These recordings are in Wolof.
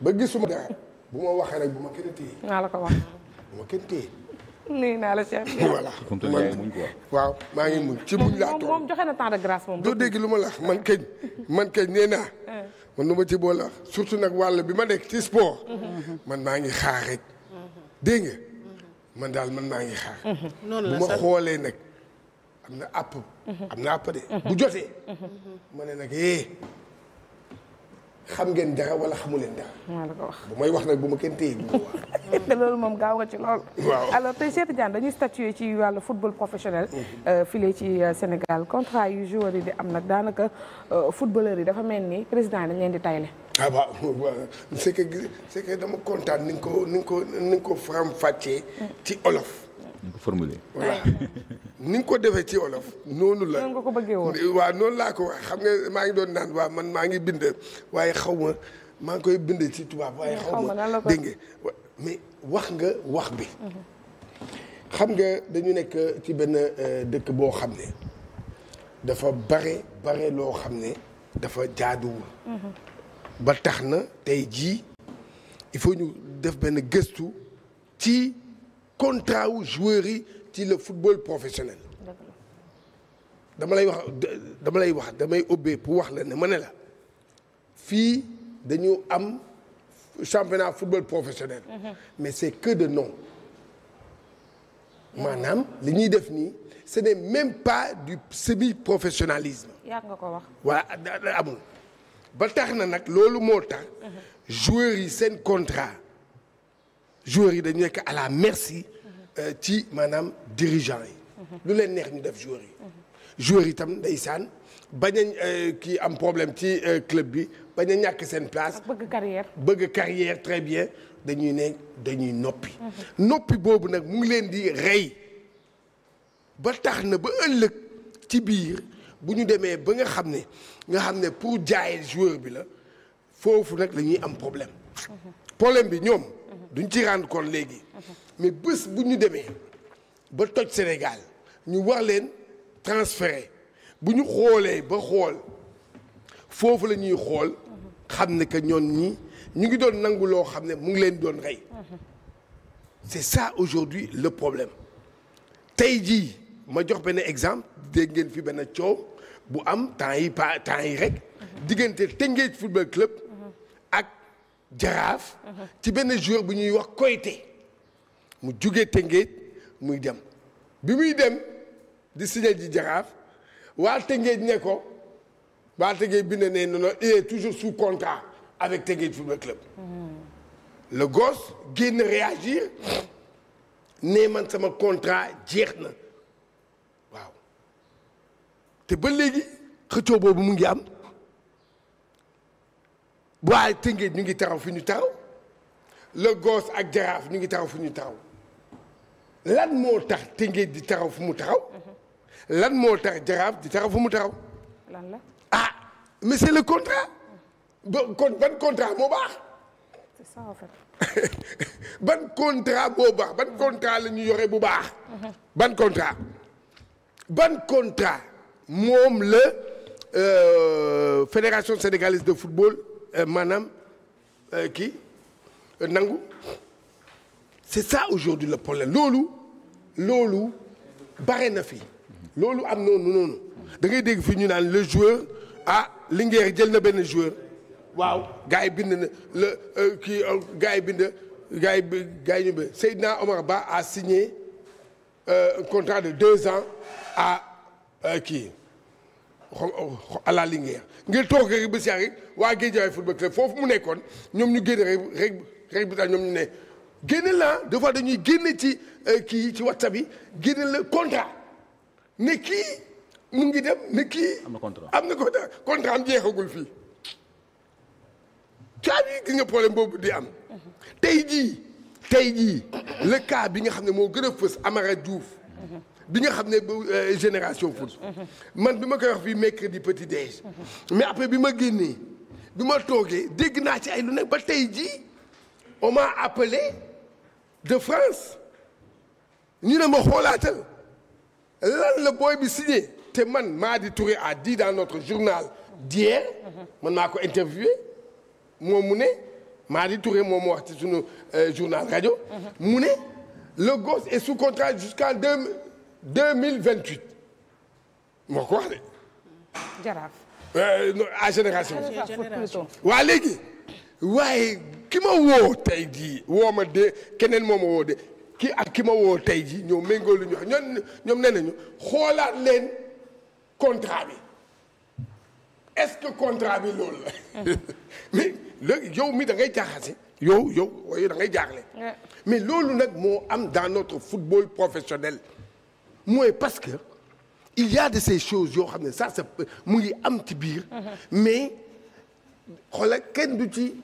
ba gisuma dara bu ma waxee rek bu ma a téye. naa la ko wax. bu ma kenn téye. nuyu la Cheikh. voilà man maa ngi muñ ci muñ laa toll moom joxe na temps ma la man kañ man kañ nee eh. man nu ma ci boole surtout nag wàll bi ma nekk ci sport. man maa ngi xaar rek. dégg nga man daal man maa ngi xaar. noonu la bu ma xoolee nag am na àpp. Mhm. am na àpp de mhm. bu jotee. Mhm. ma ne eh. xam ngeen dara wala xamu leen dara. maa la wax bu may wax nag bu ma kenn téye bu wax. te loolu moom gaaw nga ci lool. waaw alors tey Cheikh Tidiane dañuy statuer ci wàllu football professionnel. Mhm. Euh, file ci euh, Sénégal contrat yu joueurs yi di am nag daanaka euh, footballeur yi dafa mel ni président dañ leen di tayle. ah waaw c'est que c'est que dama kontaan ni nga ko ni nga ko ni nga ko faram-fàccee. Mm. ci olof. ñu ni nga ko defee ci olof. noonu la noonu ko bëggee woon waaw noonu laa ko xam nga maa ngi doon naan waa man maa ngi bind waaye xaw ma maa ngi koy bind ci tubaab waaye xaw ma dégg nga mais wax nga wax bi. Mhm. xam nga dañu nekk ci benn euh, dëkk boo xam ne dafa bare bare loo xam ne dafa jaaduwul. Mhm. ba tax na tey jii il faut ñu def benn gëstu ci. contrat wu joueurs yi ci le football professionnel. dama lay wax dama lay wax damay ubbee pour wax la ne ma ne la fii dañu am championnat football professionnel. mais c'est que de nom. maanaam li def nii ce n'est même pas du semi-professionnalisme. waa amul ba tax na nag loolu moo tax. Mhm. joueurs yi seen contrat. joueurs yi dañu nekk à la merci euh, ci maanaam dirigeants yi. lu leen neex ñu def joueurs yi. joueurs yi itam ndeysaan bañ a euh, kii am problème ci euh, club bi bañ a ñàkk seen place. bëgg carrière bëgg carrière très bien dañuy ne dañuy noppi. noppi boobu nag mu ngi leen di rey ba tax na ba ëllëg ci biir bu ñu demee ba nga xam ne nga xam ne pour jaayee joueur bi la foofu nag lañuy am problème. problème bi ñoom. duñ ci rendre compte léegi. mais bés bu ñu demee ba toj Sénégal ñu war leen transférer bu ñu xoolee ba xool foofu la ñuy xool. xam ne que ñoon ñi ñu ngi doon nangu loo xam ne mu ngi leen doon rey. c'est ça aujourd'hui le problème tey jii ma jox benn exemple dégg ngeen fi benn coow bu am temps yi pa temps yi rek diggante Tëngéej football club. jaraaf. ci benn joueur bu ñuy wax Koyte. mu jugee Tëngéej muy dem bi muy dem di signé ji jaraaf waa Tëngéej ne ko waa Tëngéej bi ne ne non il est toujours sous contrat avec Tëngéej football club. Hmm. le gosse génn réagir ne man sama contrat jeex na waaw te ba léegi xëccoo boobu mu ngi am. ay Tëngéej ñu ngi taxaw fu ñu taxaw le gosse ak jaraaf ñu ngi taxaw fu ñu taxaw lan moo tax Tëngéej di taxaw fu mu taxaw lan moo tax jaraaf di taxaw fu mu taxaw la ah mais c'est le contrat kon ban contrat moo baax ban contrat boo baax ban contrat la ñu yore bu baax ban contrat ban contrat moom la euh, fédération sénégalaise de football Euh, maanaam euh, kii euh, nangu c'est ça aujourd'hui le problème loolu loolu bare na fi loolu am noonu noonu da dégg fii ñu naan le joueur ah Linguère jël na benn joueur waaw gars yi bind na le kii gars yi bind gars yi gars yi ñu ba Seydina Omar Ba a signé un contrat de deux ans à kii à la Linguère ngir toog rek ba si rek waa Guédiawaye football club foofu mu nekkoon ñoom ñu génne rek rek rek bi ñoom ñu ne génne laa des dañuy génne ci euh, kii ci WhatsApp yi génne la contrat ne kii mu ngi dem ne kii. am na contrat am na contrat contrat jeexagul fii caabi gis nga problème boobu di am. tey jii tey jii le bi nga xam ne moo gën a fës Amara Diouf. bi nga xam ne bu euh, génération foot man bi ma koy wax fii mercredi petit déj mais après bi ma génnee bi ma toogee dégg naa ci ay lu nekk ba tey jii on m'a appelé de France ñu ne ma xoolaatal lan la booy bi signé te man maa Touré a dit dans notre journal d'hier man maa ko interviewé moom mu ne Madi Touré moom moo wax ci sunu euh, journal rajo mu ne le gosse est sous contrat jusqu'en deux deux mille vingt huit moo ko wax de. jaraaf. Euh, à génération. waa léegi. waaye ki ma woo tey jii woo ma de keneen moo ma woo de ki ak ki ma woo tey jii ñoo méngoo lu ñu wax ñoom ñoom nee nañu xoolaat leen contrat bi est-ce que contrat bi loolu la. mais mi da ngay jaaxase. yow yow da ngay jaaxle. mais loolu nag moo am dans notre football professionnel. mooy parce que il y de ces choses yoo xam ne saa ça mu ngi am ci biir. mais xoolal kenn du ci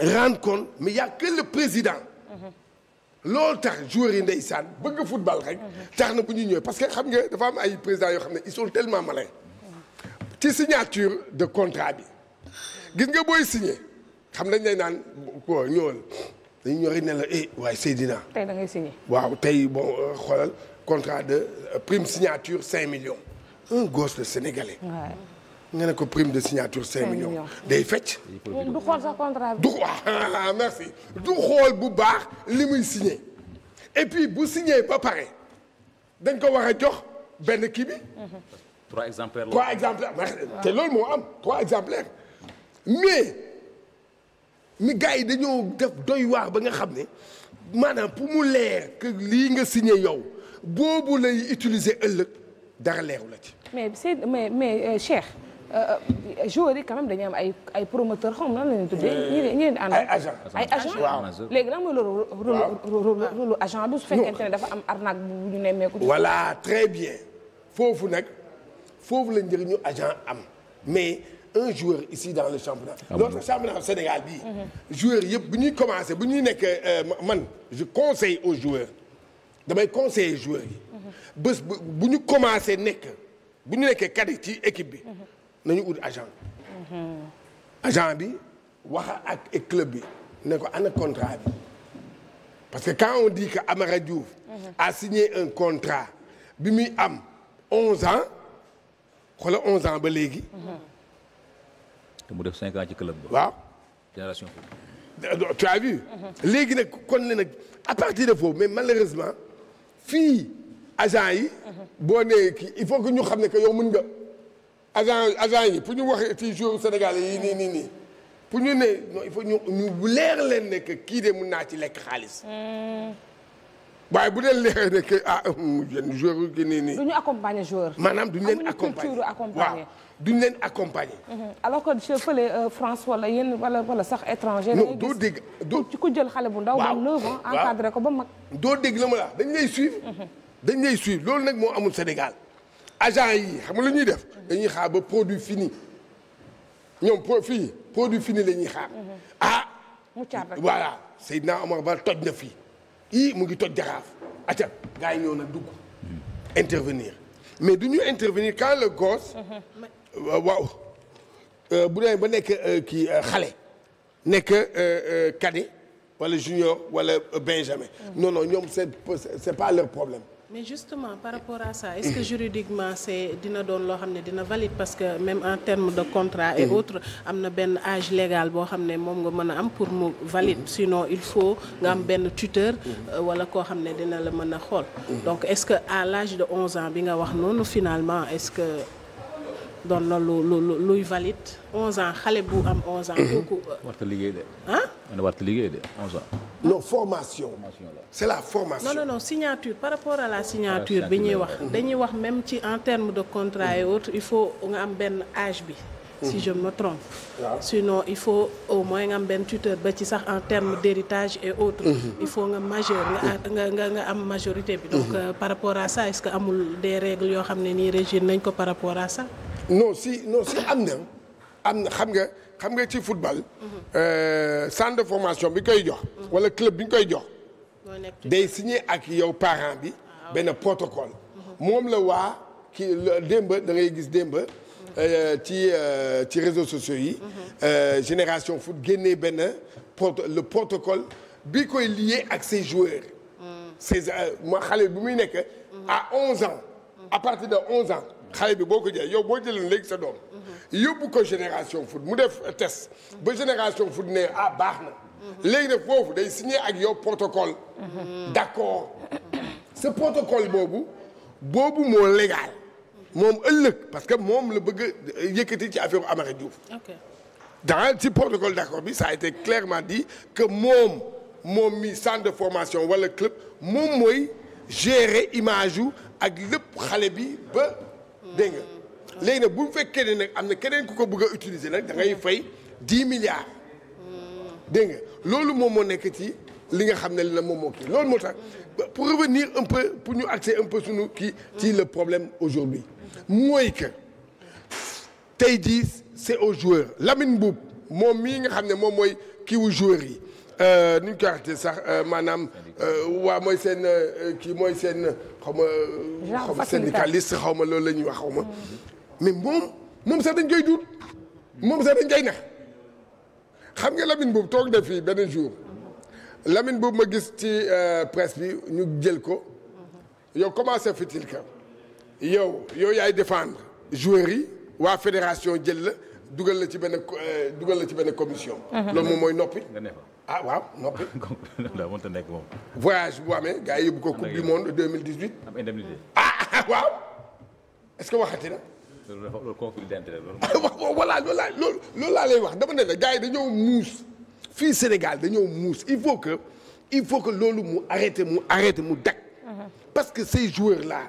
rendre compte mais y a que président. loolu tax joueurs yi ndeysaan bëgg football rek. tax na bu ñuy ñëwee parce que xam nga dafa am ay présidents yoo xam ne ils sont tellement malins. ci signature de contrat bi gis nga booy signé xam nañ lay naan koo ñëwal dañu ñëw rek ne la eh waaye Seydina. tey da ngay signé. waaw tey bon euh, xoolal. contrat de euh, prime signature 5 millions un gosse de sénégalais. nga ne ko prime de signature 5 millions. day fecc. du xool sa contrat bi. du waaw ah, merci du xool bu baax li muy signé et puis bu signé ba pare dañ ko wax a jox benn kii bi. trois exemplaires trois exemplaires te loolu moo am trois exemplaires mais mi gars yi dañoo def doy waar ba nga xam ne maanaam pour mu leer que lii nga signé yow. boobu lay utiliser ëllëg dara leeru la ci. mais mais mais euh, Cheikh euh, euh, joueurs yi quand même dañu am ay ay promoteurs xaw ma nan la ñuy tuddee. ñu leen ñu leen àndal ay agents. ay agents waaw léegi lan mooy loolu. waaw rôle agent bi su fekkente ne dafa am arnaque bu ñu nemmeeku. voilà très bien foofu nag foofu la njëriñu agent am mais. un joueur ici dans le championnat. am na notre championnat Sénégal bi mhm. joueurs yëpp bu ñuy commencer bu ñuy nekk man je conseille aux joueurs. damay conseiller joueurs yi. bu ñu commencé nekk bu ñu nekkee cadet ci équipe bi. nañu ut agent. agent bi wax ak club bi ne ko ana contrat parce que quand on dit que Amara a signé un contrat bi muy am onze ans xoolal onze ans ba léegi. mu def cinq ans ci club ba. waaw génération. tu as vu. léegi nag kon ne nag à de foofu mais malheureusement. fii agent yi. boo nee kii il faut que ñu xam ne que yow mën nga agent agent yi pour ñu waxee ti joueur Sénégal yi nii nii nii pour ñu ne non il faut ñu ñu leer leen ne que kii de mën naa ci lekk xaalis. Hmm. waaye bu dee léegi rek ah jour joueur gi nii nii. du ñu accompagner joueur. maanaam du ñu leen accompagner waaw du ñu leen accompagner. alors que je euh, France wala yenn wala wala sax étranger. doo dégg doo ci ku jël xale bu ndaw. waaw ba 9 ans encadré ko ba mag. doo dégg la ma la dañ lay suivre. Mm-hmm. dañ lay suivre loolu nag moo amul Sénégal agent yi xam la ñuy def. Mm-hmm. dañuy xaar ba produit fini ñoom pro produit fini la ñuy xaar. Mm-hmm. ah. mu caar rek voilà Seydina Omar Ba toj na fii. ii mu ngi toj jaraaf aca gars yi ñëw na dugg intervenir mais du ñu intervenir quand le gosse uh-huh. waaw euh, bu ba nekk euh, kii euh, xale nekk cadet wala junior wala benjamin mm. non non ñoom c'est c'est pas leur problème mais justement par rapport à ça est-ce que mm-hmm. juridiquement c'est dina doon loo xam ne dina valide parce que même en termes de contrat et mm-hmm. autres am na benn âge légal boo xam ne moom nga mën a am pour mu valide mm-hmm. sinon il faut nga am benn tuteur euh, wala koo xam ne dina la mën a xool donc est-ce que à l'âge de 11 ans bi nga wax noonu finalement est-ce que doon na lu lu luy valide 11 ans xale bu am 11 ans. kooku euh, warta liggéey de. ah man warta liggéey de 11 ans. non formation. c'est la formation. non non non signature par rapport à la signature bi ñuy wax. dañuy wax même ci en termes de contrat et autres il faut nga am benn age bi. si je no trompe. sinon il faut au moins nga am benn tuteur ba ci sax en terme d'héritage et autres. Mm il faut nga majeur nga nga am majorité bi. donc mm par rapport à ça est-ce que amul des règles yoo xam ne nii régir nañ ko par rapport à ça. non si non si am na am na xam nga xam nga ci football. Mhm. Euh, centre de formation bi koy jox. Mhm. wala club bi ñu koy jox. day signé ak yow parent bi. Ah, benn protocole. Mhm. moom la waa kii démb da ngay gis démb. Euh, ci euh, ci réseaux sociaux yi. génération foot génne benn proto le protocole bi koy lié ak ses joueurs. ses ma xale bu muy nekk. à 11 ans. à partir de 11 ans. xale bi boo ko jaay yow boo jëlee léegi sa doom. yóbbu ko génération foot mu def test. ba génération foot ne ah baax na. léegi nag foofu day signé ak yow protocole. d'accord ce protocole boobu boobu moo légal. moom ëllëg parce que moom la bëgg a yëkkati ci affaire Amara Diouf. dans ci protocole d'accord bi ça a été clairement dit que moom moom mi centre de formation wala club moom mooy gérer image yu ak lépp xale bi ba. dégg nga léegi nag bu fekkee ne nag am na keneen ku ko bëgg utiliser nag dangay ngay hmm. fay dix milliards. Hmm. dégg nga loolu moom moo nekk ci li nga xam ne li la moom moo kii loolu moo tax pour revenir un peu pour ñu accès un peu suñu kii ci le problème aujourd'hui mooy que tey jii c'est au joueurs Lamine Mboup moom mii nga xam ne moom mooy kiiwu joueurs yi. Euh, ni ñu koy waxatee sax euh, maanaam euh, waa mooy seen kii mooy seen xaw ma xaw ma syndicaliste xaw ma loolu la ñuy wax xaw ma mais moom moom sax dañ koy duut moom sax dañ koy xam nga Lamine boobu toog de fii benn jour Lamine boobu ma gis ci presse bi ñu jël ko yow comment ça fait yow yow yaay défendre joueurs yi waa fédération jël la dugal la ci benn euh, dugal ci benn commission. Mhm. loolu moom mooy noppi. ah waaw noppi. voyage bu amee gars yóbbu ko coupe du monde 2018. am indemnité. Ah, ah, ah waaw est-ce que waxati na. loolu dafa loolu conflit d'intérêt loolu. Ah, voilà loolu laa loolu wax dama ne la gars dañoo muus fii Sénégal dañoo muus il faut que il faut que loolu mu arrêté mu arrêté mu dakk mhm. parce que ces joueurs la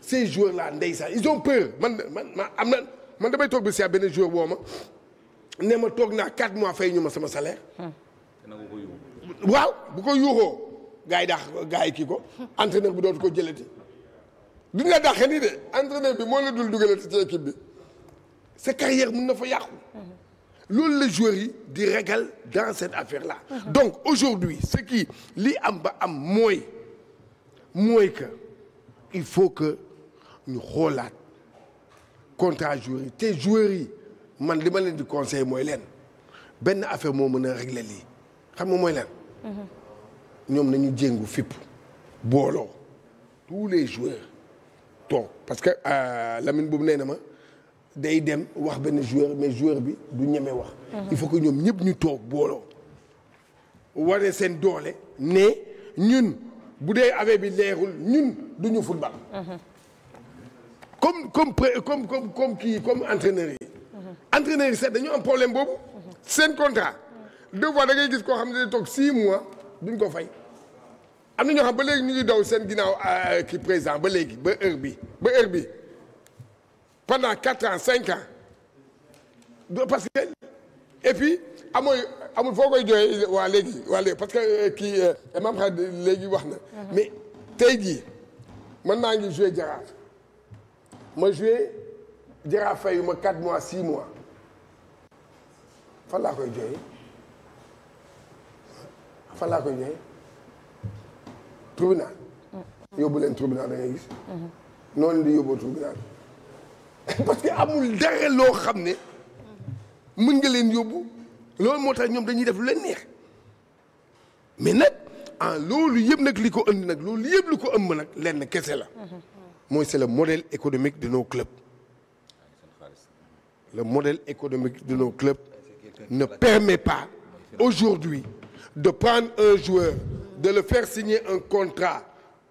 ces joueurs là ndeysaan ils ont peur man am na. man damay toog ba si benn jour woo ma ne ma toog naa 4 mois fay ñu ma sama salaire. waaw bu ko yuuxoo gars yi daax gars yi kii ko entraîneur bi dootu ko jëlati duñ la dàqee nii de entraîneur bi moo la dul dugalati ci équipe bi sa carrière mën na fa yàqu loolu la joueurs yi di ragal dans cette affaire la donc aujourd'hui ce qui lii am ba am mooy mooy que il faut que ñu xoolaat contrat joueurs yi te joueurs yi man li ma leen di conseil mooy leen benn affaire moo mën a régler lii xam nga mooy leen. Mhm. ñoom nañu jéngu fipp booloo tous les joueurs toog parce que euh, Lamine boobu nee na ma day dem wax benn joueur mais joueur bi du ñeme wax. Mhm. il faut que ñoom ñëpp ñu toog booloo. waree seen doole. ne ñun bu dee affaire bi leerul ñun du ñu football. Mhm. comme comme comme comme kii comme entraîneur yi. entraîneur yi sax dañu am problème boobu. seen contrat. deux fois da gis koo xam ne toog six mois duñ ko fay. am na xam ba léegi ñu ngi daw seen ginnaaw euh, euh, kii président ba léegi ba heure bi ba heure bi pendant quatre ans cinq an parce que et puis amooy amul foo koy jooyee waa léegi waa parce que euh, kii maam xam léegi wax na. Mhm. mais tey ji man maa ngi joué Jaraaf. ma joué Jaraaf fayu ma 4 mois 6 mois fan laa koy jooyee fan laa koy jooyee tribunal. Mm. yóbbu leen tribunal da ngay mm-hmm. noonu di yóbboo tribunal parce que amul dara loo xam ne mën nga leen yóbbu loolu moo tax ñoom dañuy def lu leen neex mais nag ah loolu yëpp nag li ko ënd nag loolu yëpp lu ko ëmb nag lenn kese la. Mm-hmm. mooy c'est le modèle économique de nos clubs le modèle économique de nos clubs ne permet pas aujourd'hui de prendre un joueur de le faire signer un contrat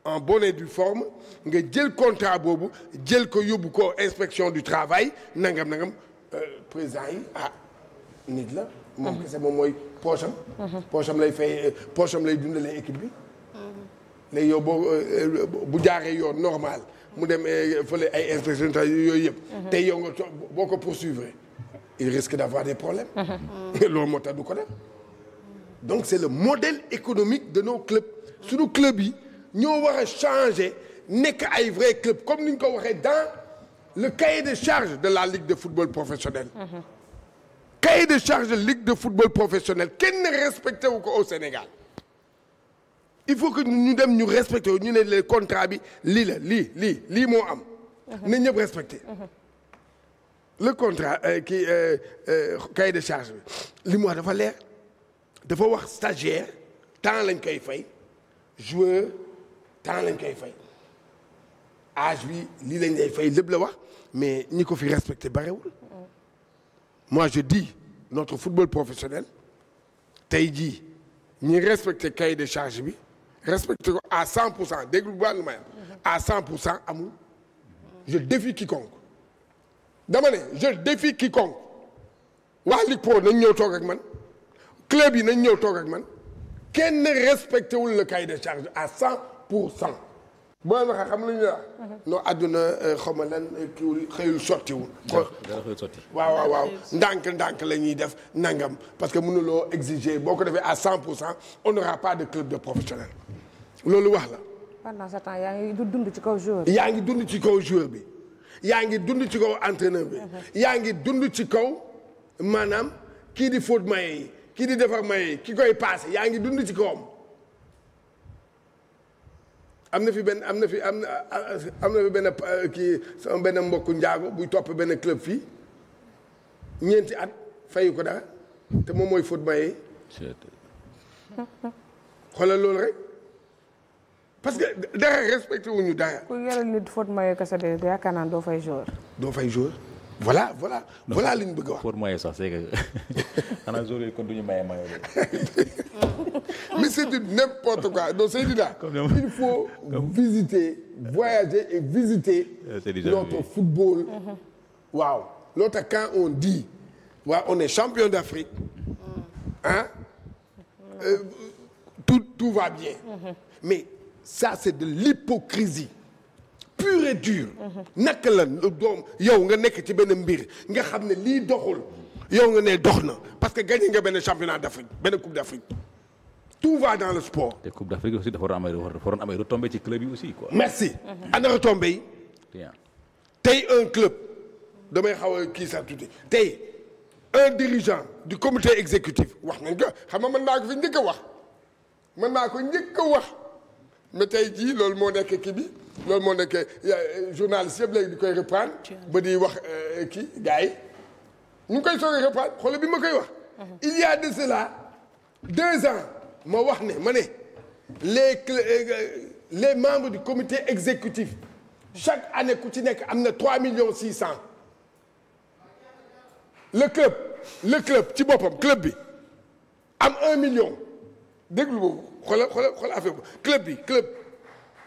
en bonne et due forme nga jël contrat boobu jël ko yóbbu ko inspection du travail nangam nangam euh, président yi ah nit la moom kese moom mooy poosam mhm. poosam lay fay euh, poosam lay dundalee équipe bi mhm. ne yow boo eh, bu jaaree yoon normal mu dem eh, fële ay inspection yooyu yëpp. Mhm. te yow nga boo ko poursuivre il risque d'avoir des problèmes. Mhm. loolu moo tax du ko donc c'est le modèle économique de nos clubs suñu club yi ñoo war a changer nekk ay vrai club comme ni ñu ko waxee dans le cahier de charge de la ligue de football professionnel. Mhm. cahier de charge ligue de football professionnel kenn respecté wu ko au Sénégal. il faut que ñu dem ñu respecté ñu ne les contra bi lii la lii lii lii moo am. na ñëpp respecté. le contrat euh, kii euh, euh, cahier de charge bi li mu dafa leer dafa wax stagiaire temps lañ koy fay joueur temps lañ koy fay âge bi lii lañ lay fay lépp la wax mais ñi ko fi respecté barewul moi je dis notre football professionnel tey jii ñi respecté cahier de charge bi respecté ko à 100 pour cent déglu bu baax à 100 pour cent amul je défie quiconque dama je défie quiconque waa Ligue Pro nañ ñëw toog ak man club yi nañ ñëw toog ak man kenn respecté wul le cahier de charge à 100 pour cent. boo leen waxee xam lu ñu wax. Mhm. non àdduna euh, xaw ma lan euh, kii xëyul sottiwul. waaw waaw waaw ndànk ndànk la ñuy def nangam parce que loo exiger boo ko defee à 100 pour cent on n'aura pas de club de professionnels. loolu wax la. pendant ce temps yaa ngi dund ci kaw joueur bi. yaa ngi dund ci kaw joueur bi yaa ngi dund ci kaw entraîneur mhm. ngi dund ci kaw maanaam kii di fóot maye yi kii di defar maye yi ki koy paase yaa ngi dund ci kawam. am na fi benn am na fi am na na fi benn euh, kii benn mbokku njaago buy topp benn club fii ñeenti at fayu ko dara te moom mooy fóot maye yi. xoolal loolu rek. parce que dara respecté wuñu dara. ku yore nit faute maillot kese de yaakaar naa doo fay joueur. doo fay joueur voilà voilà. Donc, voilà li ñu bëgg a wax. faute maillot sax c'est que il faut visiter voyager et visiter. Euh, notre football. waaw loolu on dit on est champion d'Afrique ah euh, tout tout va bien. Mm-hmm. ça c'est de l'hypocrisie pure et dure naka la doom yow nga nekk ci benn mbir nga xam ne lii doxul yow nga ne dox na parce que gagné nga benn championnat d'Afrique benn coupe d'Afrique tout va dans le sport. te coupe d'Afrique aussi dafa war a am a am ay retombées ci club yi aussi quoi. merci. ana retombées yi. tey un club damay xaw a kii sax tey un dirigeant du comité exécutif wax nañ ko naa ko fi njëkk a wax mën naa ko njëkk a wax. mais tey jii loolu moo nekk kii bi loolu moo nekk journaliste yëpp léegi di koy reprendre. ba di wax euh, kii gars yi ñu koy soog a reprendre xoolal bi ma koy wax. Mhm. il y a de cela deux ans ma wax ne ma ne les euh, euh, les membres du comité exécutif chaque année ku ci nekk am na trois millions six cent. le club le club ci boppam club bi am un million déglu boobu. xoolal xoolal xoolal affaire club bi club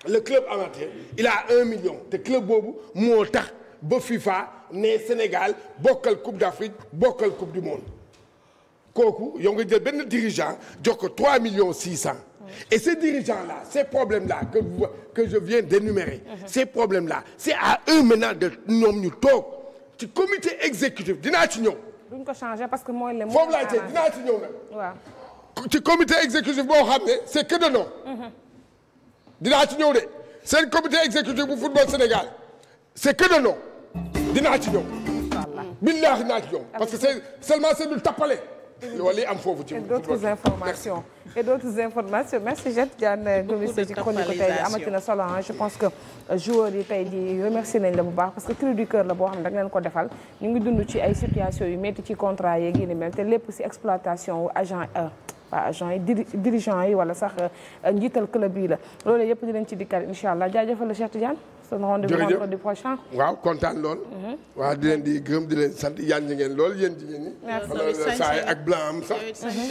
le club amateur il a un million te club boobu moo tax ba FIFA ne Sénégal bokkal coupe d'Afrique bokkal coupe du monde kooku yow nga jël benn dirigeant jox ko 3 millions 600. et ces dirigeants là ces problème là que vous, je viens d'énumérer. Mm -hmm. là c'est à eux maintenant de ñoom ñu toog ci comité exécutif dinaa ci ñëw. duñ ko changer parce que mooy le. foofu laa dinaa ci ñëw nag. ci comité exécutif boo xam ne c' est que de nom. dinaa ci ñëw de seen comité exécutif bu football Sénégal c' est que de nom dinaa ci ñëw. billaahi naa ci ñëw parce que c' est seulement du tappale. ci. et d' autres informations et d' autres informations merci Jette Diagne. beaucoup de ci chronique ko tey amati na pense que euh, joueurs yi tey di remercier nañ la bu baax parce que cri du la boo xam ne da nga leen ko defal ñu ngi dund ci ay situation yu métti ci contrat yeeg yi ni mel te lépp si exploitation agent e. waa agent yi dirigeant yi wala sax euh, njiital club yi la loolu yëpp dinañ ci dikkaat incha allah jaajëfal la Cheikh Tidiane. son rendez-vous vendredi prochain. waaw kontaan lool. Mhm. waaw di leen di gërëm di leen sant yaan ñi di lool yéen jigéen ñi. merci ak blanc am sax. Mhm.